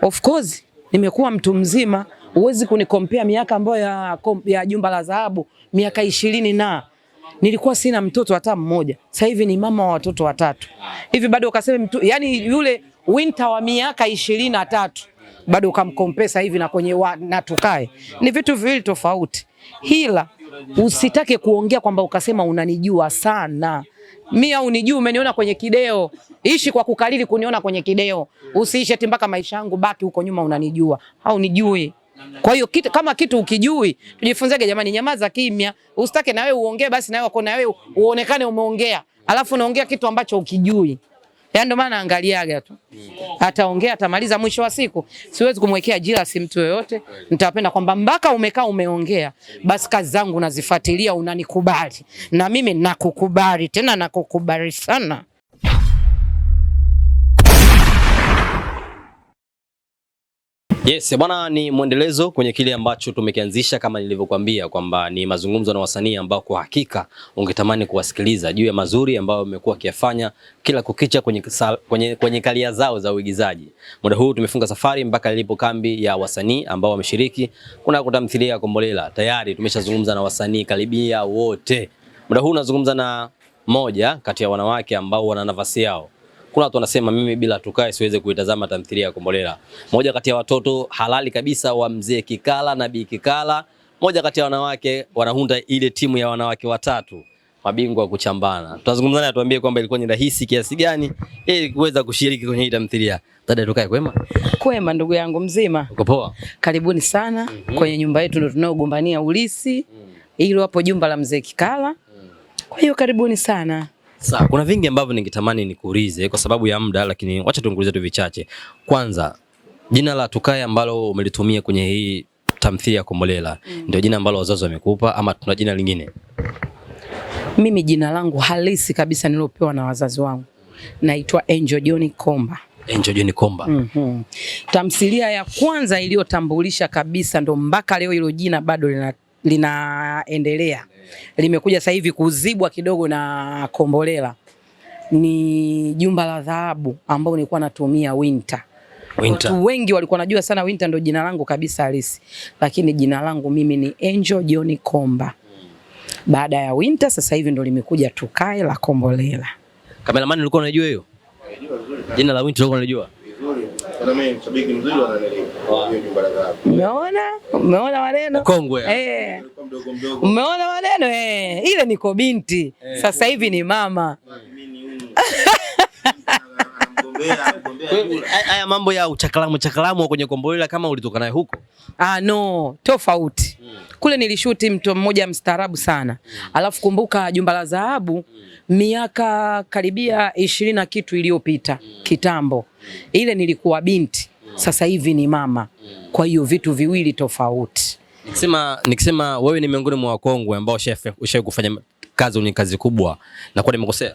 Of course nimekuwa mtu mzima, huwezi kunikompea miaka ambayo ya, ya jumba la dhahabu miaka ishirini na nilikuwa sina mtoto hata mmoja. Sasa hivi ni mama wa watoto watatu hivi, bado ukasema mtu yani yule winter wa miaka ishirini na tatu bado ukamkompea sasa hivi na kwenye wa, na tukae, ni vitu viwili tofauti. Hila usitake kuongea kwamba ukasema unanijua sana au nijui umeniona kwenye kideo, ishi kwa kukalili kuniona kwenye kideo, usiishi eti mpaka maisha yangu baki huko nyuma unanijua au nijui. Kwa hiyo kitu, kama kitu ukijui, tujifunzege jamani, nyamaza kimya. Usitake na wewe uongee, basi na wewe uko na wewe uonekane umeongea, alafu unaongea kitu ambacho ukijui. Yaani ndio maana naangaliaga tu. Ataongea, atamaliza mwisho wa siku. Siwezi kumwekea jira si mtu yoyote. Nitapenda kwamba mpaka umekaa umeongea, basi kazi zangu nazifuatilia unanikubali. na mimi nakukubali tena nakukubali sana. Yes, bwana ni mwendelezo kwenye kile ambacho tumekianzisha kama nilivyokuambia kwamba ni mazungumzo na wasanii ambao kwa hakika ungetamani kuwasikiliza juu ya mazuri ambayo umekuwa wakiyafanya kila kukicha kwenye, kwenye, kwenye kalia zao za uigizaji. Muda huu tumefunga safari mpaka ilipo kambi ya wasanii ambao wameshiriki kuna kutamthilia Kombolela. Tayari tumeshazungumza na wasanii karibia wote. Muda huu unazungumza na moja kati ya wanawake ambao wana nafasi yao kuna watu wanasema mimi bila tukae siweze kuitazama tamthilia ya Kombolela. Moja kati ya watoto halali kabisa wa mzee Kikala na Bi Kikala, moja kati ya wanawake wanaunda ile timu ya wanawake watatu mabingwa kuchambana. Tutazungumza naye atuambie kwamba ilikuwa ni rahisi kiasi gani ili kuweza kushiriki kwenye hii tamthilia. Dada, tukae kwema? Kwema ndugu yangu mzima. Uko poa? Karibuni sana mm -hmm. Kwenye nyumba yetu ndio tunaogombania ulisi. Mm. Hilo hapo jumba la mzee Kikala. Mm. Kwa hiyo karibuni sana. Sawa, kuna vingi ambavyo ningetamani nikuulize kwa sababu ya muda, lakini wacha tungulize tu vichache. Kwanza, jina la Tukae ambalo umelitumia kwenye hii tamthilia ya Kombolela mm. ndio jina ambalo wazazi wamekupa ama tuna jina lingine? Mimi jina langu halisi kabisa nilopewa na wazazi wangu naitwa Angel John Komba. Angel John Komba. mm -hmm. Tamthilia ya kwanza iliyotambulisha kabisa ndo mpaka leo hilo jina bado lina linaendelea limekuja sasa hivi kuzibwa kidogo na Kombolela. Ni jumba la dhahabu ambao nilikuwa natumia Winter. Winter. Watu wengi walikuwa najua sana Winter ndio jina langu kabisa halisi, lakini jina langu mimi ni Angel John Komba. Baada ya Winter sasa hivi ndo limekuja tukae la Kombolela. Kameramani ulikuwa unajua hiyo jina la Winter ulikuwa unajua? mshabiki mzuri ah. umeona, umeona maneno kongwe eh, umeona maneno eh, ile niko binti eh, sasa hivi ni mama Haya mambo ya uchakalamu chakalamu kwenye Kombolela kama ulitoka naye huko? Ah, no, tofauti. Hmm. Kule nilishuti mtu mmoja mstaarabu sana, hmm. alafu kumbuka Jumba la Dhahabu hmm miaka karibia ishirini na kitu iliyopita kitambo, ile nilikuwa binti, sasa hivi ni mama. Kwa hiyo vitu viwili tofauti. Nikisema, nikisema wewe ni miongoni mwa wakongwe ambao ushawahi kufanya kazi ni kazi kubwa, na kwa nimekosea?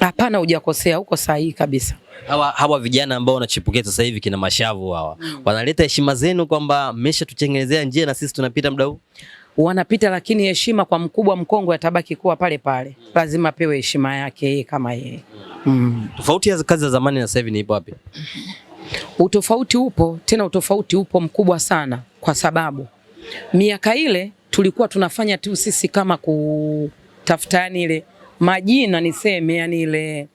Hapana, hujakosea, uko sahihi kabisa. Hawa, hawa vijana ambao wanachipukia sasa hivi kina mashavu hawa, mm. wanaleta heshima zenu kwamba mmeshatutengenezea njia na sisi tunapita muda huu wanapita, lakini heshima kwa mkubwa mkongwe atabaki kuwa pale pale, lazima pewe heshima yake yeye kama yeye. Mm. Tofauti ya kazi za zamani na sasa hivi ni ipo wapi? Utofauti upo, tena utofauti upo mkubwa sana, kwa sababu miaka ile tulikuwa tunafanya tu sisi kama kutafuta, yani ile majina niseme, yani ile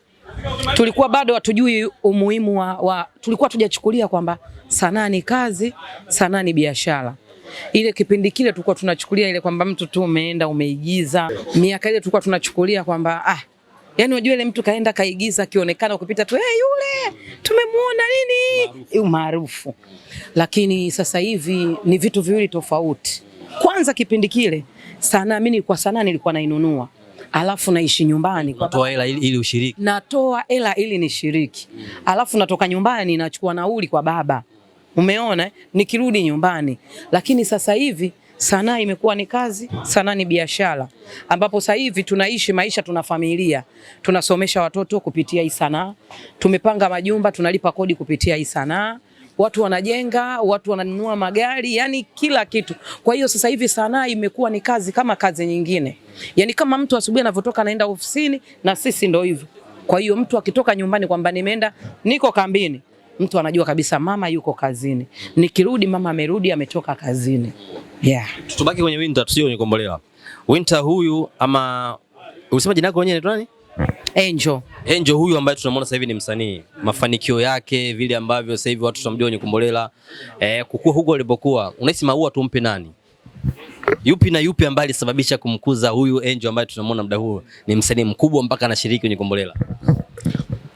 tulikuwa bado hatujui umuhimu wa, wa tulikuwa tujachukulia kwamba sanaa ni kazi, sanaa ni biashara. Ile kipindi kile tulikuwa tunachukulia ile kwamba mtu tu umeenda umeigiza. Miaka ile tulikuwa tunachukulia kwamba ah, yani unajua ile mtu kaenda kaigiza, akionekana ukipita tu, hey, yule tumemuona nini maarufu. Lakini sasa hivi ni vitu viwili tofauti. Kwanza kipindi kile sana mimi kwa sana nilikuwa nainunua alafu naishi nyumbani natoa hela ili, ili ushiriki, natoa hela ili nishiriki, alafu natoka nyumbani nachukua nauli kwa baba Umeona, nikirudi nyumbani. Lakini sasa hivi sanaa imekuwa ni kazi, sanaa ni biashara, ambapo sasa hivi tunaishi maisha, tuna familia, tunasomesha watoto kupitia hii sanaa, tumepanga majumba, tunalipa kodi kupitia hii sanaa, watu wanajenga, watu wananunua magari, yani kila kitu. Kwa hiyo sasa hivi sanaa imekuwa ni kazi kama kazi nyingine, yani kama mtu asubuhi anavyotoka anaenda ofisini, na sisi ndio hivyo. Kwa hiyo mtu akitoka nyumbani kwamba nimeenda niko kambini mtu anajua kabisa mama yuko kazini, nikirudi mama amerudi ametoka kazini. Yeah. Tutubaki kwenye Winter tusio kwenye Kombolewa. Winter huyu ama ulisema jina lako wenyewe ni nani? Angel. Angel huyu ambaye tunamwona sasa hivi ni msanii, mafanikio yake vile ambavyo sasa hivi watu tunamjua kwenye Kombolela, eh, kukua huko alipokuwa. Unahisi maua tumpe nani? Yupi na yupi ambaye alisababisha kumkuza huyu Angel ambaye tunamwona muda huu ni msanii mkubwa mpaka anashiriki kwenye Kombolela?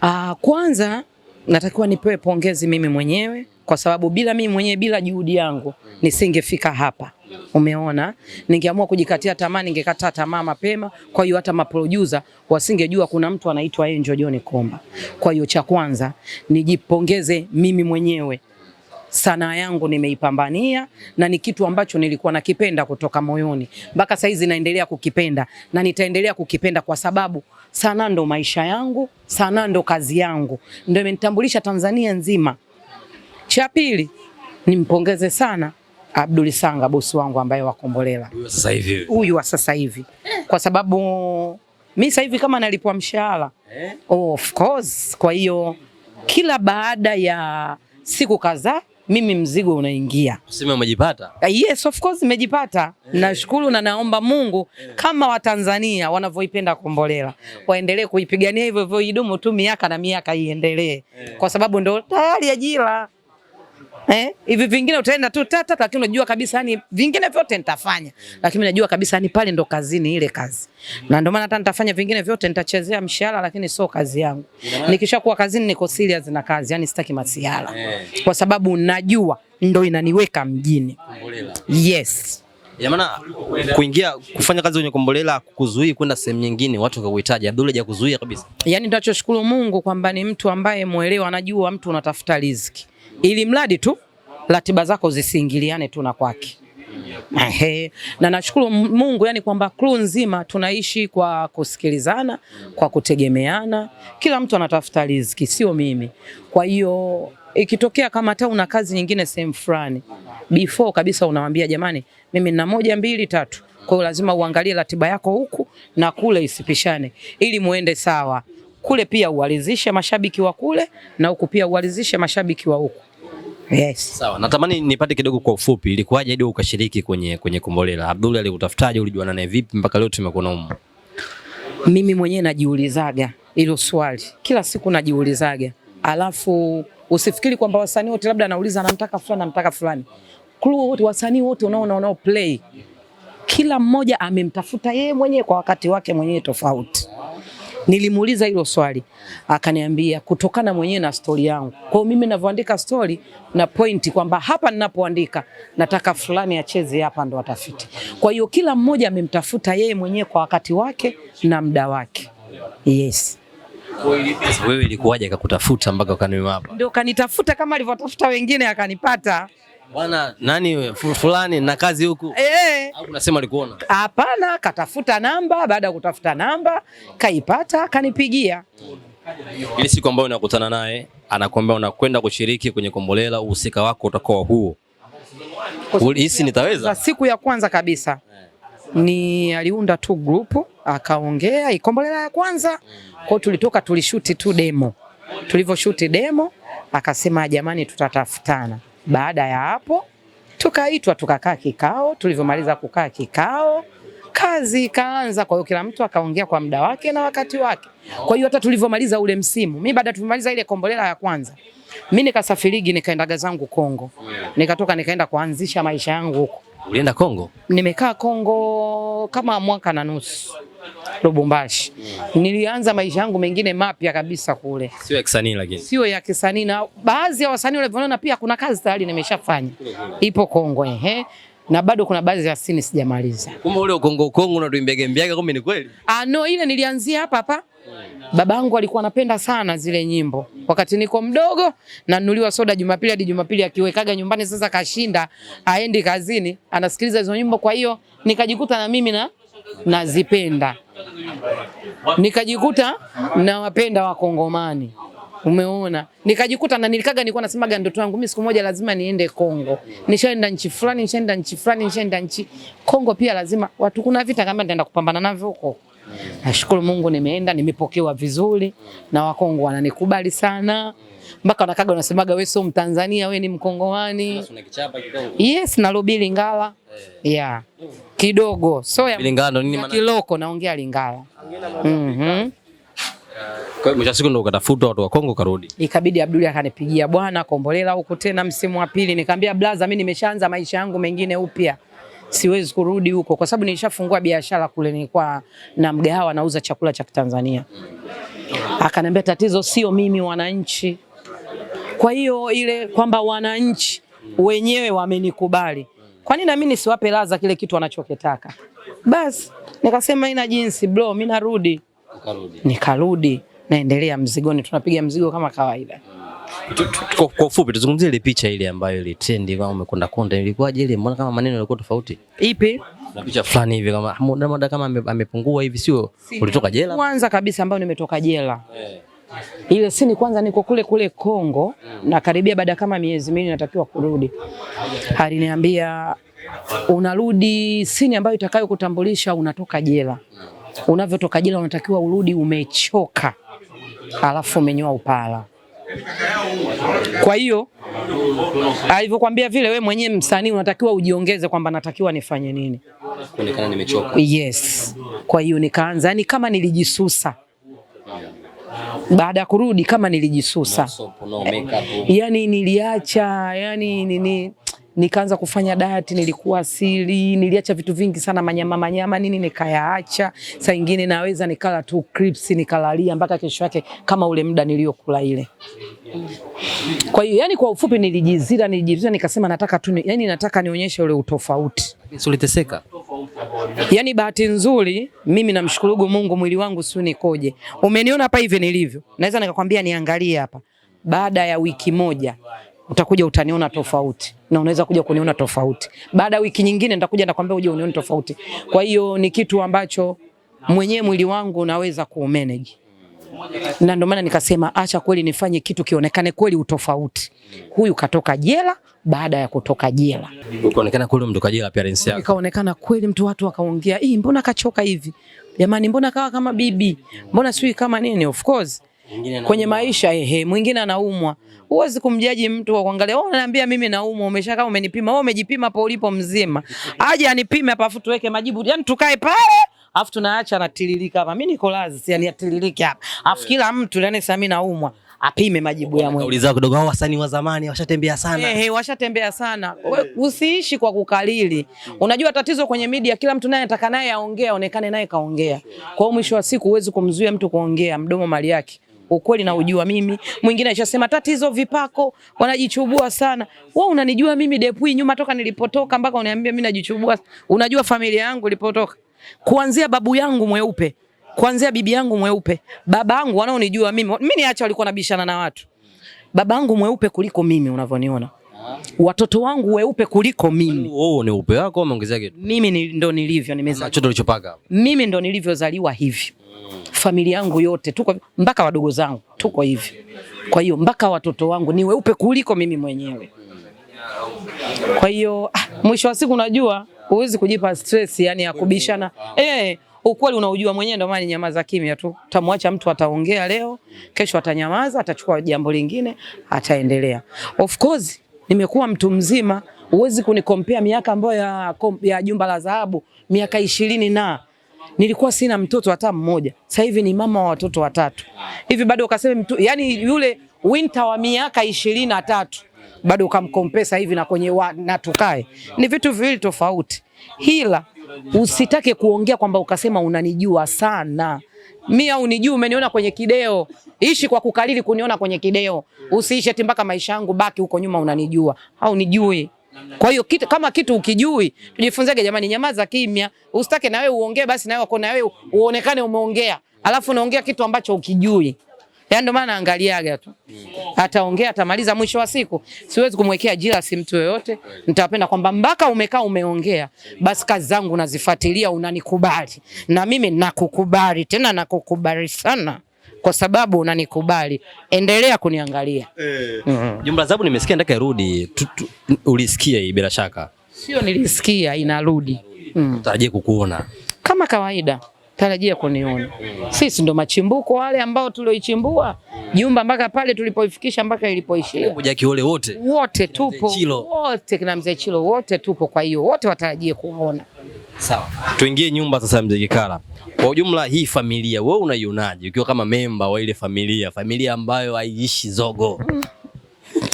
Ah, kwanza natakiwa nipewe pongezi mimi mwenyewe kwa sababu bila mimi mwenyewe, bila juhudi yangu nisingefika hapa. Umeona, ningeamua kujikatia tamaa, ningekata tamaa mapema. Kwa hiyo hata maproducer wasingejua kuna mtu anaitwa Angel John Komba. Kwa hiyo cha kwanza nijipongeze mimi mwenyewe, sanaa yangu nimeipambania, na ni kitu ambacho nilikuwa nakipenda kutoka moyoni, mpaka saizi naendelea kukipenda na nitaendelea kukipenda kwa sababu sanaa ndo maisha yangu, sanaa ndo kazi yangu, ndio imenitambulisha Tanzania nzima. Cha pili nimpongeze sana Abdul Sanga bosi wangu ambaye wakombolela huyu wa sasa hivi, kwa sababu mi sasa hivi kama nalipwa mshahara eh? Of course. Kwa hiyo kila baada ya siku kadhaa mimi mzigo unaingia. Useme umejipata? Ah, yes, of course nimejipata. Hey. Eh. Nashukuru na naomba Mungu hey, eh. kama Watanzania wanavyoipenda Kombolela hey, eh. waendelee kuipigania hivyo hivyo idumu tu miaka na miaka iendelee hey, kwa sababu ndio tayari ajira Eh, hivi vingine utaenda tu tata, lakini unajua kabisa yani vingine vyote nitafanya, lakini najua kabisa yani pale ndo kazini ile kazi, na ndio maana hata nitafanya vingine vyote, nitachezea mshahara, lakini sio kazi yangu. Nikishakuwa kazini niko serious na kazi, yani sitaki masiala, eh. kwa sababu najua ndo inaniweka mjini. Yes. Ya maana kuingia kufanya kazi kwenye Kombolela kukuzuii kwenda sehemu nyingine, watu wakakuhitaji. Abdul hajakuzuia kabisa. Yaani ndio nitachoshukuru Mungu kwamba ni mtu ambaye mwelewa, anajua mtu unatafuta riziki ili mradi tu ratiba zako zisiingiliane tu na kwake. Ehe. na nashukuru Mungu yani kwamba crew nzima tunaishi kwa kusikilizana, kwa kutegemeana. Kila mtu anatafuta riziki, sio mimi. Kwa hiyo ikitokea kama hata una kazi nyingine sehemu fulani, before kabisa unawambia jamani, mimi nina moja mbili tatu. Kwa hiyo lazima uangalie ratiba yako huku na kule isipishane, ili muende sawa kule pia uwalizishe mashabiki wa kule na huku pia uwalizishe mashabiki wa huku. Yes. Sawa, natamani nipate kidogo kwa ufupi, ilikuwaje hadi ukashiriki kwenye kwenye Kombolela? Abdul alikutafutaje? Ulijuana naye vipi mpaka leo tumekuona humu? Mimi mwenyewe najiulizaga hilo swali kila siku najiulizaga, alafu usifikiri kwamba wasanii wote labda anauliza anamtaka fulani anamtaka fulani. Crew wote wasanii wote unaona unao play, kila mmoja amemtafuta yeye mwenyewe kwa wakati wake mwenyewe tofauti. Nilimuuliza hilo swali, akaniambia kutokana mwenyewe na stori yangu. Kwa hiyo mimi ninavyoandika stori na pointi kwamba hapa ninapoandika nataka fulani acheze hapa, ndo watafiti. Kwa hiyo kila mmoja amemtafuta yeye mwenyewe kwa wakati wake na muda wake. Yes. wewe ilikuwaje akakutafuta mpaka ukaniwa hapa? Ndio kanitafuta kama alivyotafuta wengine akanipata bwana nani fulani na kazi huku eh, eh, Au unasema alikuona? Hapana, katafuta namba. Baada ya kutafuta namba kaipata, kanipigia ile siku ambayo unakutana naye anakuambia unakwenda kushiriki kwenye Kombolela, uhusika wako utakuwa huo. Hisi nitaweza? Siku ya kwanza kabisa ni aliunda tu grupu akaongea ikombolela ya kwanza kwao, tulitoka tulishuti tu demo. Tulivyoshuti demo akasema jamani, tutatafutana baada ya hapo tukaitwa tukakaa kikao. Tulivyomaliza kukaa kikao, kazi ikaanza. Kwa hiyo kila mtu akaongea kwa muda wake na wakati wake. Kwa hiyo hata tulivyomaliza ule msimu, mimi baada tumemaliza ile kombolela ya kwanza, mimi nikasafirigi nikaendaga zangu Kongo, nikatoka nikaenda kuanzisha maisha yangu huko. Ulienda Kongo? Nimekaa Kongo kama mwaka na nusu. Lubumbashi. Mm. Nilianza maisha yangu mengine mapya kabisa kule. Sio ya kisanii lakini. Sio ya kisanii na baadhi ya wasanii walivyoona pia kuna kazi tayari nimeshafanya. Ipo Kongo ehe. Na bado kuna baadhi ya sini sijamaliza. Kumbe ule Kongo Kongo mbiaga kumbe ni kweli? Ah no, ile nilianzia hapa hapa. Babangu alikuwa anapenda sana zile nyimbo wakati niko mdogo, na nunuliwa soda Jumapili hadi Jumapili, akiwekaga nyumbani. Sasa kashinda aendi kazini, anasikiliza hizo nyimbo, kwa hiyo nikajikuta na mimi na nazipenda nikajikuta nawapenda Wakongomani Umeona, nikajikuta na nilikaga, nilikuwa nasemaga ndoto yangu mimi siku moja lazima niende Kongo. Nishaenda nchi fulani, nishaenda nchi fulani, nishaenda nchi Kongo pia lazima watu, kuna vita kama nitaenda kupambana navyo huko. Nashukuru Mungu nimeenda, nimepokewa vizuri na Wakongo wananikubali sana, mpaka wanakaga wanasemaga, wewe sio Mtanzania, wewe ni Mkongowani. Yes, na lobili ngala eh. yeah kidogo so ya Lingano nini maana kiloko naongea Lingala. mm Kwa hiyo mwisho siku ndo ukatafuta watu wa Kongo karudi. Ikabidi Abduli akanipigia bwana Kombolela huko tena msimu wa pili, nikamwambia blaza, mimi nimeshaanza maisha yangu mengine upya. Siwezi kurudi huko kwa sababu nilishafungua biashara kule, nilikuwa na mgahawa nauza chakula cha tanzania Akaniambia tatizo sio mimi, wananchi. Kwa hiyo ile kwamba wananchi wenyewe wamenikubali kwa nini na mimi nisiwape Laza kile kitu anachokitaka? Basi nikasema ina jinsi bro, mimi narudi. Nikarudi, nikarudi naendelea mzigoni, tunapiga mzigo kama kawaida. Kwa ufupi tuzungumzie ile picha ile ambayo ile trend kama umekonda konda, ilikuwaje ile? Mbona kama maneno yalikuwa tofauti? Ipi? Na picha fulani hivi kama muda muda kama amepungua hivi, sio? Ulitoka jela? Kwanza kabisa ambayo nimetoka jela. Eh ile sini kwanza, niko kule kule Kongo na karibia baada kama miezi mimi natakiwa kurudi. Aliniambia unarudi sini ambayo itakayokutambulisha unatoka jela. Unavyotoka jela unatakiwa urudi umechoka, alafu umenyoa upala. Kwa hiyo alivyokwambia vile, we mwenyewe msanii unatakiwa ujiongeze kwamba natakiwa nifanye nini, kuonekana nimechoka. Yes, kwa hiyo nikaanza, yani kama nilijisusa baada ya kurudi kama nilijisusa, no yani niliacha yani nini, nikaanza kufanya diet, nilikuwa sili, niliacha vitu vingi sana, manyama manyama nini nikayaacha. Saa ingine naweza nikala tu crisps nikalalia mpaka kesho yake kama ule muda niliokula ile. Kwa hiyo yani, kwa ufupi nilijizira, nilijizira nikasema nataka tu yani, nataka nionyeshe ule utofauti. Uliteseka? Yaani bahati nzuri mimi namshukuru Mungu, mwili wangu si nikoje, umeniona hapa hivi nilivyo. Naweza nikakwambia niangalie hapa, baada ya wiki moja utakuja utaniona tofauti, na unaweza kuja kuniona tofauti. Baada ya wiki nyingine nitakuja nakwambia uje unione tofauti. Kwa hiyo ni kitu ambacho mwenyewe mwili wangu naweza kumanage na ndio maana nikasema acha kweli nifanye kitu kionekane kweli utofauti. Huyu katoka jela, baada ya kutoka jela. Ukaonekana kule mtoka jela parents yako. Ikaonekana kweli mtu watu wakaongea, "Ee, mbona kachoka hivi? Jamani mbona kawa kama bibi? Mbona sijui kama nini?" Of course. Kwenye maisha ehe, mwingine anaumwa. Huwezi kumjaji mtu kwa kuangalia, "Oh, ananiambia mimi naumwa, umesha kama umenipima, wewe umejipima hapo ulipo mzima." Aje anipime hapa afu tuweke majibu. Yaani tukae pale afu tunaacha anatiririka hapa. Mimi niko lazi, yani atiririke hapa. Afu kila mtu yani sasa mimi naumwa apime majibu ya mwenyewe. Uliza kidogo, hao wasanii wa zamani washatembea sana. Eh, eh, washatembea sana. Usiishi kwa kukalili. Unajua tatizo kwenye media, kila mtu naye anataka naye aongee, aonekane naye kaongea. Kwa hiyo mwisho wa siku huwezi kumzuia mtu kuongea, mdomo mali yake. Ukweli na ujua mimi. Mwingine alishasema tatizo vipako wanajichubua sana. Wewe unanijua mimi depui nyuma toka nilipotoka mpaka unaniambia mimi najichubua. Unajua familia yangu ilipotoka. Kuanzia babu yangu mweupe kwanza bibi yangu mweupe, baba yangu wanaonijua mimi, mimi niacha walikuwa nabishana na watu. Baba yangu mweupe kuliko mimi unavyoniona. Watoto wangu weupe kuliko mimi. Wewe ni upe wako au umeongezea kitu. Mimi ni ndo nilivyo nimezaliwa. Chochote ulichopaka Mimi ndo nilivyozaliwa hivi. Familia yangu yote tuko mpaka wadogo zangu tuko hivi. Kwa hiyo mpaka watoto wangu ni weupe kuliko mimi mwenyewe. Kwa hiyo ah, mwisho wa siku unajua huwezi kujipa stress yani ya kubishana. Eh, Ukweli unaujua mwenyewe, ndio maana nyamaza kimya tu. Tamwacha mtu ataongea leo, kesho atanyamaza, atachukua jambo lingine, ataendelea. Of course nimekuwa mtu mzima, huwezi kunikompea miaka ambayo ya, ya jumba la dhahabu miaka ishirini na nilikuwa sina mtoto hata mmoja. Sasa hivi ni mama wa watoto watatu hivi, bado ukasema mtu yani yule winter wa miaka ishirini na tatu bado ukamkompesa hivi na kwenye wa, natukae ni vitu viwili tofauti. Hila usitake kuongea kwamba ukasema unanijua sana mi au nijui, umeniona kwenye kideo. Ishi kwa kukalili kuniona kwenye kideo, usiishi ati mpaka maisha yangu baki huko nyuma unanijua au nijui. Kwa hiyo kitu, kama kitu ukijui, tujifunzage jamani, nyamaza kimya. Usitake na wewe uongee, basi na wewe uonekane umeongea, alafu unaongea kitu ambacho ukijui. Yaani ndio maana angaliaga tu. Ataongea atamaliza, mwisho wa siku siwezi kumwekea jila si mtu yoyote. Nitapenda kwamba mpaka umekaa umeongea, basi kazi zangu nazifuatilia, unanikubali. Na mimi nakukubali, tena nakukubali sana kwa sababu unanikubali, endelea kuniangalia eh. mm mm-hmm. Jumla zabu nimesikia ndaka irudi, ulisikia hii bila shaka, sio? Nilisikia inarudi, tarajia mm. kukuona kama kawaida tarajia kuniona. Sisi ndo machimbuko wale ambao tulioichimbua Jumba mpaka pale tulipoifikisha mpaka ilipoishia. Kuja Kiole wote. Wote tupo. Wote kina mzee Chilo wote tupo, kwa hiyo wote watarajie kuona. Sawa. Tuingie nyumba sasa mzee Kikala. Kwa ujumla hii familia wewe unaionaje ukiwa kama memba wa ile familia, familia ambayo haiishi zogo?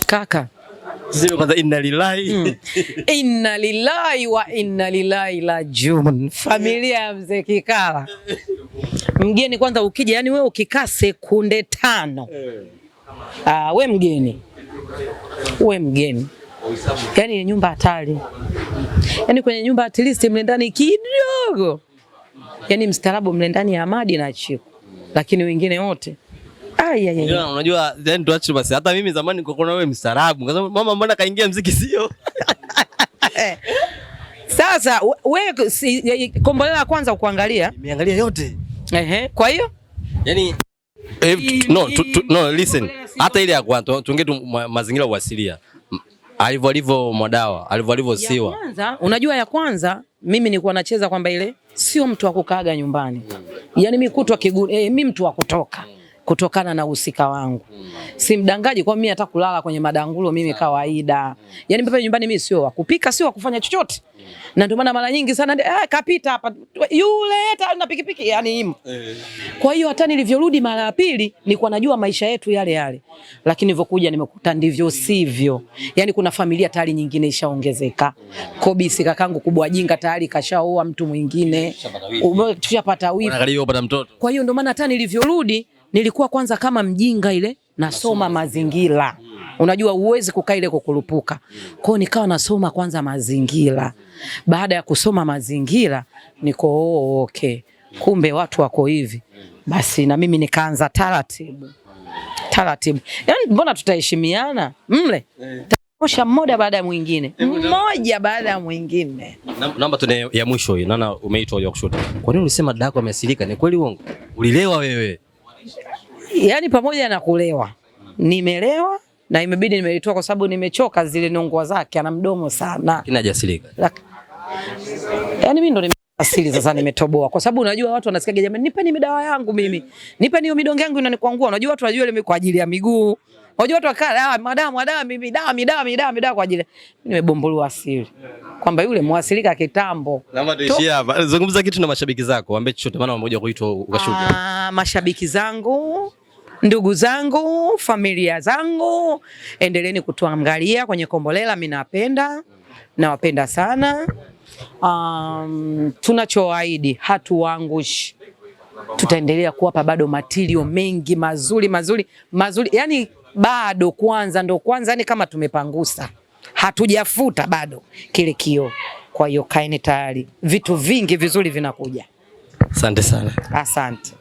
Kaka Sio kwanza inna lillahi mm. inna lillahi wa inna lillahi jumun. Familia ya mzee Kikala mgeni kwanza, ukija yani we ukikaa sekunde tano uh, we mgeni we mgeni, yani ni nyumba hatari, yani kwenye nyumba at least mle ndani kidogo, yani mstarabu mle ndani ya Amadi na Chiku, lakini wengine wote Unajua, then tuache basi. Hata mimi zamani nilikuwa na msarabu, mstaarabu, nikasema mama, mbona kaingia mziki sio? Sasa wewe si, Kombolela la kwanza ukuangalia, nimeangalia yote ehe. Kwa hiyo yani eh, no, tu, tu, no listen, hata ile ya kwanza tuongee tu mazingira uasilia alivyo alivyo Mwadawa alivyo alivyo Siwa. Kwanza unajua ya kwanza mimi nilikuwa nacheza kwamba ile sio mtu wa kukaaga nyumbani, yani mimi kutwa kiguni eh, mimi mtu wa kutoka kutokana na uhusika wangu. Simdangaji kwa mimi hata kulala kwenye madangulo mimi kawaida. Mm. Yaani pepe nyumbani mimi sio wa kupika, sio wa kufanya chochote. Mm. Na ndio maana mara nyingi sana eh, kapita hapa yule hata na pikipiki yani himo. Eh. Kwa hiyo hata nilivyorudi mara ya pili nilikuwa najua maisha yetu yale yale. Lakini nilivyokuja nimekuta ndivyo sivyo. Yaani kuna familia tayari nyingine ishaongezeka. Mm. Kobisi kakangu kubwa jinga tayari kashaoa mtu mwingine. Umepata wivu. Kwa hiyo ndio maana hata nilivyorudi nilikuwa kwanza kama mjinga ile nasoma mazingira. Unajua huwezi kukaa ile kukurupuka. Kwao nikawa nasoma kwanza mazingira. Baada ya kusoma mazingira niko oh, okay. Kumbe watu wako hivi. Basi na mimi nikaanza taratibu. Taratibu. Yaani mbona tutaheshimiana? Mle. Osha mmoja baada ya mwingine. Mmoja baada ya mwingine. Namba tuna ya mwisho hii. Naona umeitwa uje kushoto. Kwa nini ulisema dada yako ameasilika? Ni kweli uongo? Ulilewa wewe? yani pamoja na kulewa nimelewa na imebidi nimelitua kwa sababu nimechoka zile nongwa zake, ana mdomo sana. Kina Jasirika. Yaani mimi ndo nimeasili sasa nimetoboa kwa sababu unajua watu wanasikia jamani, nipe ni yangu mimi. Nipe niyo midonge yangu inanikwangua. Unajua watu wajua ile kwa ajili ya miguu, Unajua watu wakaa ah, dawa madawa madawa mimi dawa midawa midawa midawa kwa ajili. Nimebombolewa asili. Kwamba yule mwasilika kitambo. Naomba tuishie hapa. Zungumza kitu na mashabiki zako ambaye chochote maana wamekuja kuitwa ukashuka. Ah, mashabiki zangu, ndugu zangu, familia zangu, endeleeni kutuangalia kwenye Kombolela, mimi napenda. Nawapenda sana. Um, tunachoahidi hatuwaangushi. Tutaendelea kuwapa bado matirio mengi mazuri mazuri mazuri, yani bado kwanza, ndo kwanza yani kama tumepangusa, hatujafuta bado kile kio. Kwa hiyo kaeni tayari, vitu vingi vizuri vinakuja. Asante sana, asante.